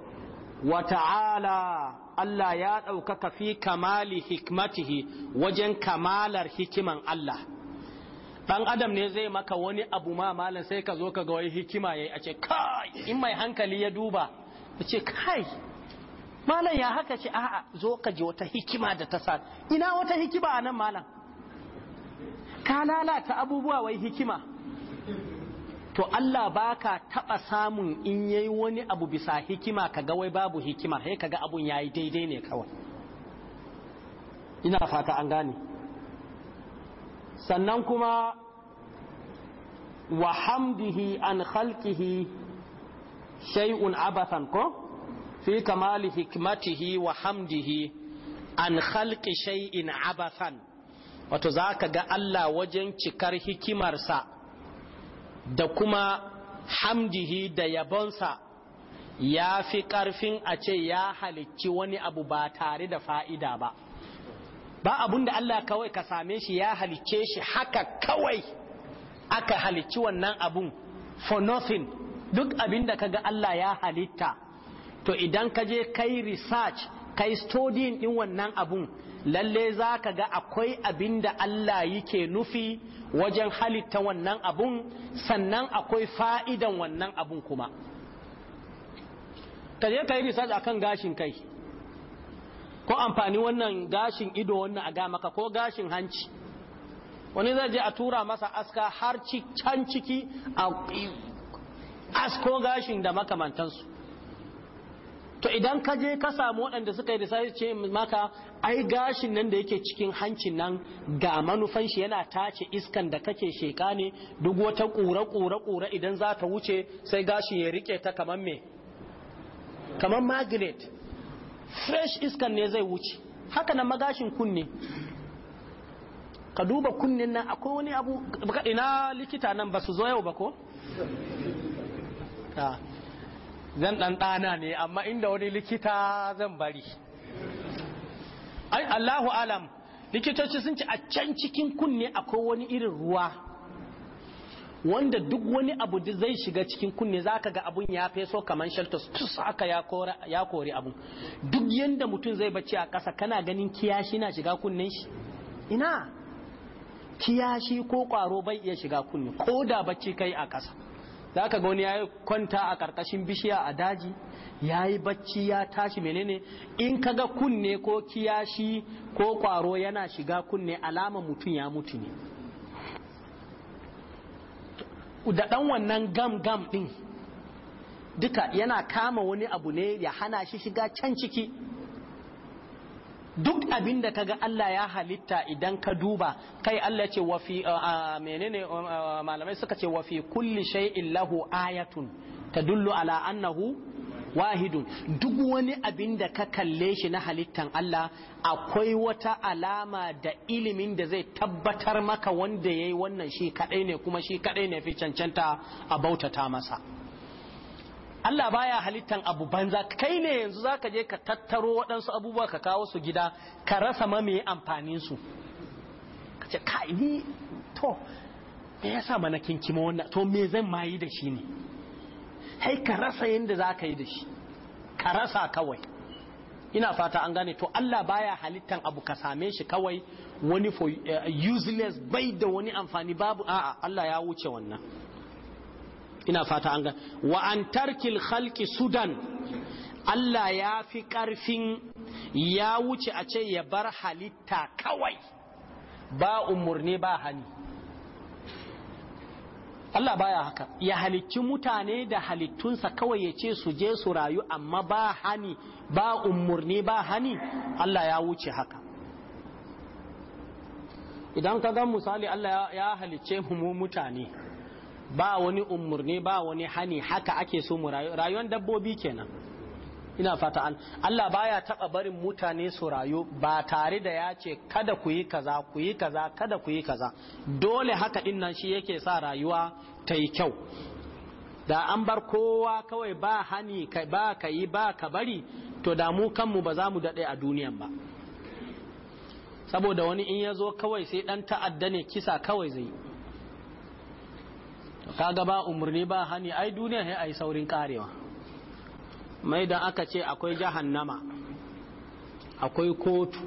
wata'ala Allah ya ɗaukaka fi kamali hikmatihi wajen kamalar hikiman Allah Ɗan adam ne zai maka wani abu ma malam sai ka zo ka ga wai hikima yayi a ce kai in mai hankali ya duba ya ce kai malam ya haka ce a'a zo ka ji wata hikima da ta sa ina wata hikima a nan malam ka lalata abubuwa wai hikima to Allah baka taba samun in yayi wani abu bisa hikima ka ga, wai babu hikima sai kaga abun yayi daidai ne kawai ina fata an gane sannan kuma wa hamdihi an khalqihi shay'un abathan ko fi kamali hikmatihi wa hamdihi an khalqi shay'in abathan wato zaka ga Allah wajen cikar hikimarsa da kuma hamdihi da yabonsa ya fi ƙarfin a ce ya halicci wani abu ba tare da fa'ida ba ba abun da Allah kawai ka same shi ya halice shi haka kawai aka halicci wannan abun for nothing duk abin da ga Allah ya halitta to idan ka je kai research kai studying ɗin wannan abun lalle za ka ga akwai abin da Allah yake nufi wajen halitta wannan abun sannan akwai fa'idan wannan abun kuma ka je ka research akan gashin kai ko amfani wannan gashin ido wannan a ga maka ko gashin hanci wani zai je a tura masa aska har can ciki a asko gashin da makamantansu to idan ka je ka samu waɗanda suka yi da ce maka ai gashin nan da yake cikin hancin nan ga manufan shi yana tace iskan da kake sheka ne duk wata ƙura ƙura ƙura idan za ta wuce sai gashin ya rike ta kamar me kamar magnet fresh iskan ne zai wuce haka nan magashin kunne ka duba kunnen nan akwai wani abu baka ina likita nan ba su zo yau ba ko ah, zan dan ne amma inda wani likita zan bari ai Allahu alam likitoci sun ci a can cikin kunne akwai wani irin ruwa wanda duk wani abu zai shiga cikin kunne za ka ga abun ya feso kamar shelter tus haka ya ya kori abun duk yadda mutum zai bacci a ƙasa kana ganin kiyashi na shiga kunnen shi ina kiyashi ko ƙwaro bai iya shiga kunne ko da bacci kai a ƙasa za ka ga wani ya kwanta a ƙarƙashin bishiya a daji ya yi bacci ya tashi menene in ka ga kunne ko kiyashi ko ƙwaro yana shiga kunne alama mutum ya mutu ne da dan wannan gam gam din duka yana kama wani abu ne ya hana shi shiga can ciki duk abin da ga Allah ya halitta idan ka duba kai Allah ce wafi a menene malamai suka ce wafi kulli shay'in lahu ayatun tadullu ala annahu wahidun duk wani abin da ka kalle shi na halittan Allah akwai wata alama da ilimin da zai tabbatar maka wanda ya yi wannan shi kadai ne kuma shi kadai ne fi cancanta a bautata masa Allah baya halittan abu banza kai ne yanzu za ka je ka tattaro waɗansu abubuwa ka kawo su gida ka rasa ma me amfanin su ka ce ka ni to me yasa mana kinkima wannan to me zan mayi da shi ne sai ka rasa yadda za ka yi da shi ka rasa kawai ina fata an gane to Allah baya halittan abu ka same shi kawai wani for eh, useless bai da wani amfani babu a'a Allah ya wuce wannan ina fata an gane wa an tarkil khalqi sudan Allah ya fi karfin ya wuce a ce ya bar halitta kawai ba umurni ba hani Allah baya haka ya halicci mutane da halittunsa kawai ya ce su je su rayu amma ba hani ba umurni ba hani Allah ya wuce haka idan ka ga misali Allah ya halicce mu mutane ba wani umurni ba wani hani haka ake so mu rayu rayuwar dabbobi kenan ina fata Allah baya taba barin mutane su rayu ba tare da ya ce kada ku yi kaza ku yi kaza kada ku yi kaza dole haka din nan shi yake sa rayuwa ta yi kyau da an bar kowa kawai ba hani ba ka yi ba ka bari to da mu kanmu ba za mu daɗe a duniyan ba saboda wani in ya zo kawai sai ɗan ta'adda ne kisa kawai zai kaga ba umarni ba hani ai duniya sai ai saurin karewa mai da aka ce akwai jahannama akwai kotu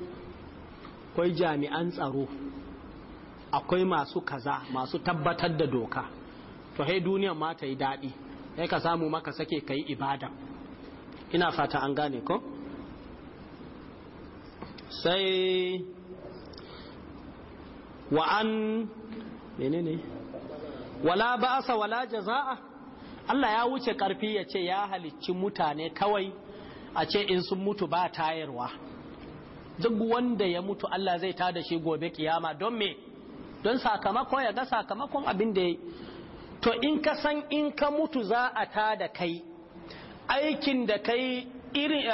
akwai jami'an tsaro akwai masu kaza masu tabbatar da doka to hai duniyan ma ta yi daɗi sai ka samu maka sake ka yi ibada ina fata an gane ko sai wa'an menene wala ba'asa wala jaza'a Allah ya wuce karfi ya ce ya halicci mutane kawai a ce in sun mutu ba tayarwa duk wanda ya mutu Allah zai da shi gobe kiyama don me don sakamako ya ga sakamakon abin da ya to in ka san in ka mutu za a ta da kai aikin da kai irin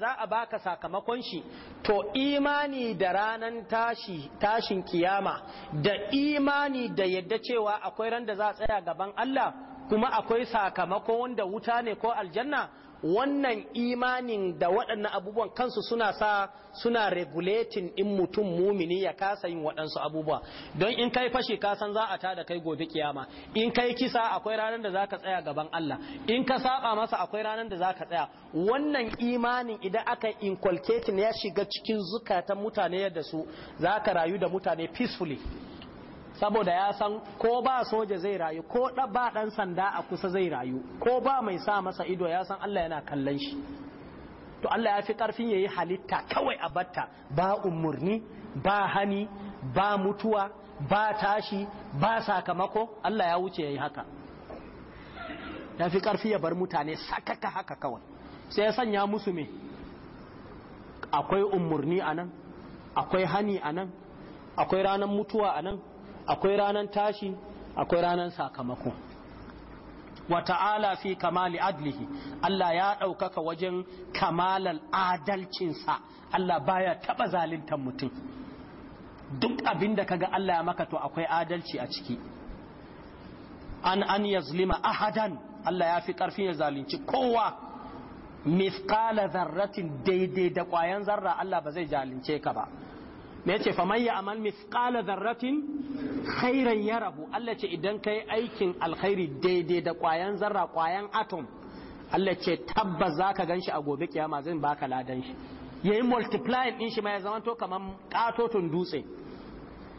za a baka sakamakon shi to imani da ranan tashi tashin kiyama da imani da yadda cewa akwai ran da za a tsaya gaban Allah kuma akwai sakamako wanda wuta ne ko aljanna wannan imanin da waɗannan abubuwan kansu suna sa suna regulating in mutum mumini ya kasa yin waɗansu abubuwa don in kai fashi kasan za a tada kai gobe kiyama in kai kisa akwai ranar da za ka tsaya gaban Allah in ka saba masa akwai ranar da za ka tsaya wannan imanin idan aka inculcating ya shiga cikin zukatan mutane yadda su za ka rayu da mutane peacefully saboda ya san ko ba soja zai rayu ko ba ɗan sanda a kusa zai rayu ko ba mai sa masa ido ya san Allah yana kallon shi to Allah ya fi ƙarfin ya yi halitta kawai a batta ba umurni ba hani ba mutuwa ba tashi ba sakamako Allah ya wuce ya yi haka ya fi karfi ya bar mutane sakaka haka kawai sai ya sanya musu me akwai umurni anan akwai hani anan akwai ranar mutuwa anan. akwai ranan tashi akwai ranan sakamako wa ta'ala fi kamali adlihi Allah ya ɗaukaka wajen kamalar adalcinsa Allah baya taɓa zalintan mutum duk abin da kaga Allah ya maka to akwai adalci a ciki an an yazlima ahadan Allah ya fi ƙarfin ya zalunci kowa mithqala zarratin daidai da ƙwayan zarra Allah ba zai zalunce ka ba me yace fa man ya'mal mithqala dharratin khairan yarahu Allah ce idan kai aikin alkhairi daidai da kwayan zarra kwayan atom Allah ce tabbas zaka ganshi a gobe kiyama zan baka ladan shi yayi multiply din shi ma ya zama to kaman katotun dutse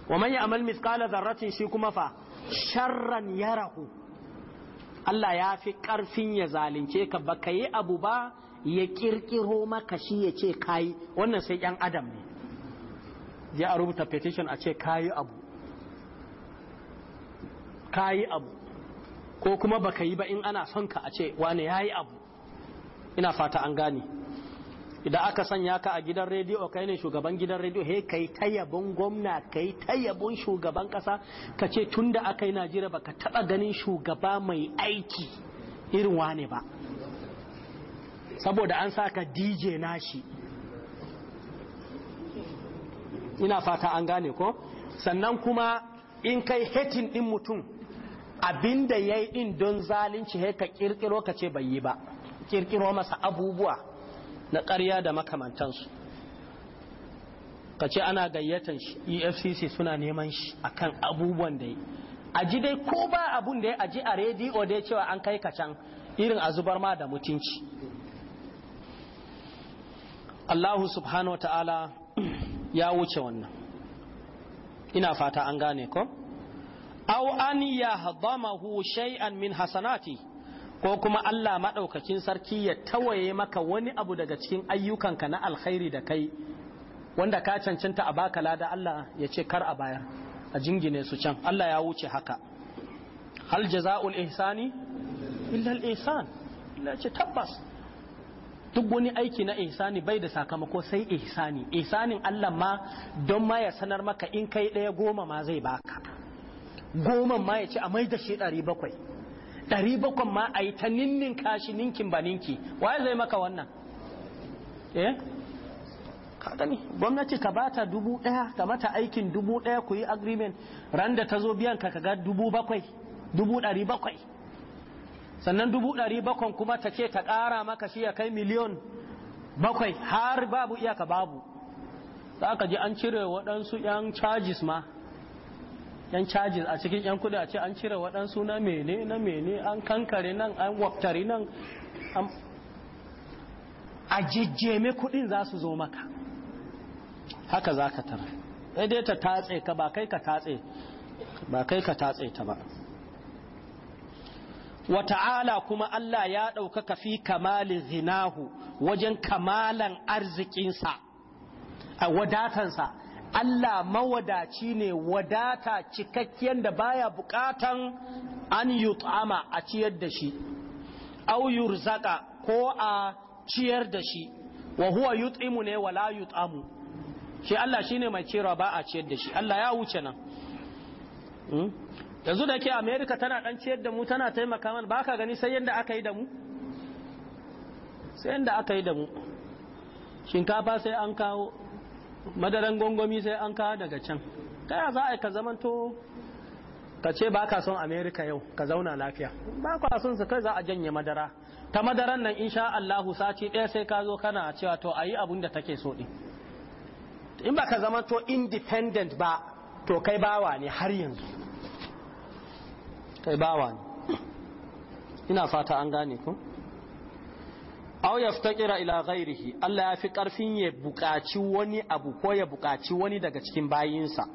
wa man ya'mal mithqala dharratin shi kuma fa sharran yarahu Allah ya fi ƙarfin ya zalunce ka baka yi abu ba ya kirkiro maka shi ya ce kayi wannan sai yan adam ne je a rubuta petition a ce kayi abu kayi abu ko kuma baka yi ba in ana son ka a ce wane yayi abu ina fata an gane idan aka sanya ka a gidan rediyo kai ne shugaban gidan rediyo he kai ta yabon gwamna kai ta yabon shugaban kasa ka ce tunda aka yi najeriya baka taba ganin shugaba mai aiki irin wane ba saboda an saka dj nashi ina fata an gane ko sannan kuma in kai hetin din mutum abinda yayi yi din don zalunci he ka kirkiro ka ce bai yi ba kirkiro masa abubuwa na ƙarya da makamantansu ka ce ana gayyatan shi efcc suna neman shi akan abubuwan da yi a ji dai ko ba abun da ya aji a rediyo dai cewa an kai ka can irin a zubar ma da mutunci Allahu subhanahu wa ta'ala ya wuce wannan ina fata an gane ko aw an hadamahu shay'an min hasanati ko kuma Allah madaukakin sarki ya tawaye maka wani abu daga cikin ayyukanka na alkhairi da kai wanda ka cancanta a baka lada Allah ya ce kar a bayar a jingine su can Allah ya wuce haka hal jaza'ul ihsani illa al ihsan Allah ce tabbas duk wani aiki na ihsani bai da sakamako sai ihsani ihsanin Allah ma don ma ya sanar maka in kai ɗaya goma ma zai baka goma ma ya ce a mai da shi ɗari bakwai ɗari bakwai ma a yi ta ninnin kashi ninkin ba ninki waye zai maka wannan eh ka gani gwamnati ka bata dubu ɗaya ka mata aikin dubu ɗaya ku yi agreement ran da ta zo biyan ka ka ga dubu bakwai dubu ɗari bakwai sannan dubu ɗari bakon kuma ta ce ta ƙara maka shi ya kai miliyon bakwai har babu iyaka babu za ka ji an cire waɗansu 'yan charges ma yan charges a cikin yan kudi a ce an cire waɗansu na mene na mene an kankare nan an waftari nan a jejjeme kudin za su zo maka haka za ka tara sai dai ta tatse ka ba kai ka ba kai ka tatse ta ba wa ta'ala kuma Allah ya ɗaukaka fi kamalin zinahu wajen kamalan arzikinsa a wadatansa Allah mawadaci ne wadata cikakken da baya buƙatan an yut'ama a ciyar da shi Auyur yurzaka ko a ciyar da shi wa huwa yut'imu ne wala yut'amu shi Allah shine mai ciyarwa ba a ciyar da shi Allah ya wuce nan hmm? yanzu da ke america tana dan ciyar da mu tana taimaka mana ba ka gani sai yadda aka yi da mu sai yadda aka yi da mu shinkafa sai an kawo madaran gongomi sai an kawo daga can kaya za a yi ka zamanto ka ce ba ka son america yau ka zauna lafiya ba ka son su kai za a janye madara ta madaran nan sha Allahu sati ɗaya sai ka zo kana cewa to ayi abun da take so din in ba ka zamanto independent ba to kai bawa ne har yanzu kai bawa ne ina fata an gane ku aw yaftaqira ila ghairihi Allah ya fi karfin ya bukaci wani abu ko ya buƙaci wani daga cikin bayinsa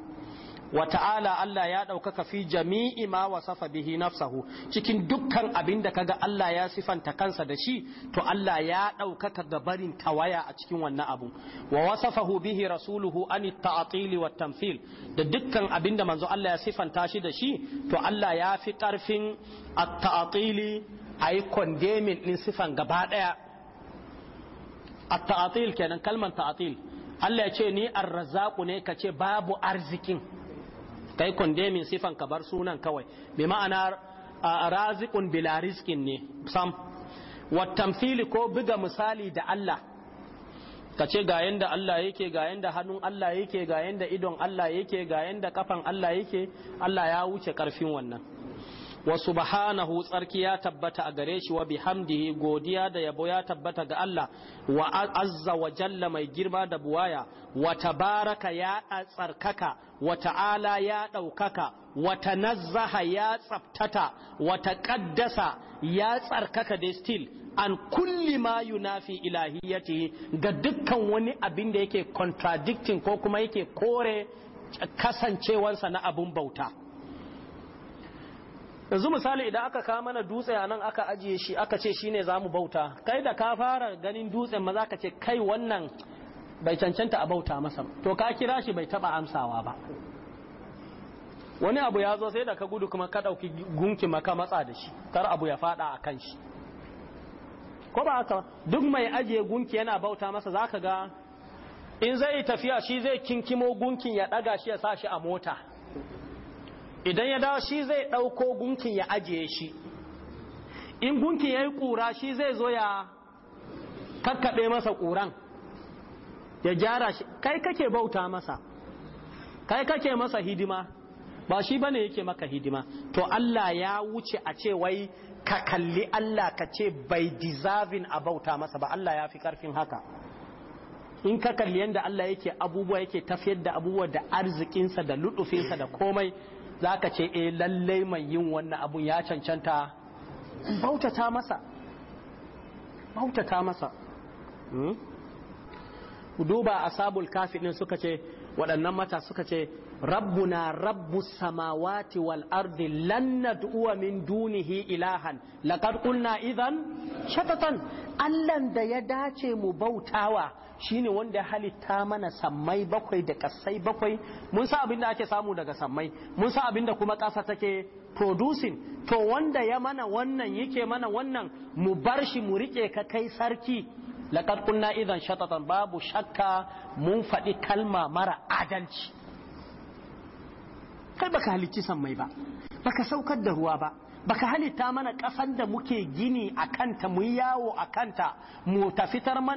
wata'ala Allah ya ɗaukaka fi jami'i ma wasafa bihi nafsahu cikin dukkan abin da kaga Allah ya sifanta kansa da shi to Allah ya ɗaukaka da barin tawaya a cikin wannan abu wa wasafahu bihi rasuluhu an ta'atili wa tamthil da dukkan abin da manzo Allah ya sifanta shi da shi to Allah ya fi ƙarfin at-ta'atili ayi condemning din sifan gaba daya at-ta'atil kenan kalman ta'atil Allah ya ce ni ar-razzaqu ne kace babu arzikin kai kondemin sifan ka bar sunan kawai bi ma'ana raziqun bila rizqin ne sam wa tamthili ko buga misali da Allah ka ce ga yanda Allah yake ga yanda hannun Allah yake ga yanda idon Allah yake ga yanda kafan Allah yake Allah ya wuce karfin wannan wa subhanahu tsarki ya tabbata a gare shi wa bihamdihi godiya da yabo ya tabbata ga Allah wa azza wa jalla mai girma da buwaya wa tabaraka ya tsarkaka wa ta'ala ya ɗaukaka wa tanazzaha ya tsaftata wa taqaddasa ya tsarkaka da still an kulli ma yunafi ilahiyyati ga dukkan wani abin da yake contradicting ko kuma yake kore kasancewansa na abun bauta yanzu misali idan aka kawo mana dutse a nan aka ajiye shi aka ce shi ne za mu bauta kai da ka fara ganin dutsen maza ka ce kai wannan bai cancanta a bauta masa to ka kira shi bai taba amsawa ba wani abu ya zo sai da ka gudu kuma ka ɗauki gunki maka matsa da shi kar abu ya faɗa a kan shi ko ba haka duk mai ajiye gunki yana bauta masa za ka ga in zai tafiya shi zai kinkimo gunkin ya ɗaga shi ya sa shi a mota idan ya dawo shi zai ɗauko gunkin ya ajiye shi in gunkin ya yi ƙura shi zai zo ya kakkaɓe masa ƙuran ya gyara shi kai kake bauta masa kai kake masa hidima ba shi bane yake maka hidima to Allah ya wuce a ce wai ka kalli Allah ka ce bai deserving a bauta masa ba Allah ya fi karfin haka in ka kalli yadda Allah yake abubuwa yake tafiyar da abubuwa da arzikinsa da lutufinsa da komai za ka ce e lallai mai yin wannan abun ya cancanta bautata masa bautata masa hmm? duba asabul kafi ɗin suka ce waɗannan mata suka ce rabbuna rabbu samawati wal ardi lan nad'uwa min dunihi ilahan laqad qulna idan shatatan allan da ya dace mu bautawa shine wanda halitta mana sammai bakwai da kasai bakwai mun sa abin ake samu daga sammai mun sa abin kuma kasa take producing to wanda ya mana wannan yake mana wannan mu bar shi mu rike ka kai sarki laqad kunna idan shatatan babu shakka mun faɗi kalma mara adalci kai baka halicci sammai ba baka saukar da ruwa ba baka halitta mana ƙasar da muke gini akanta kanta mu yawo akanta kanta mu tafitar mana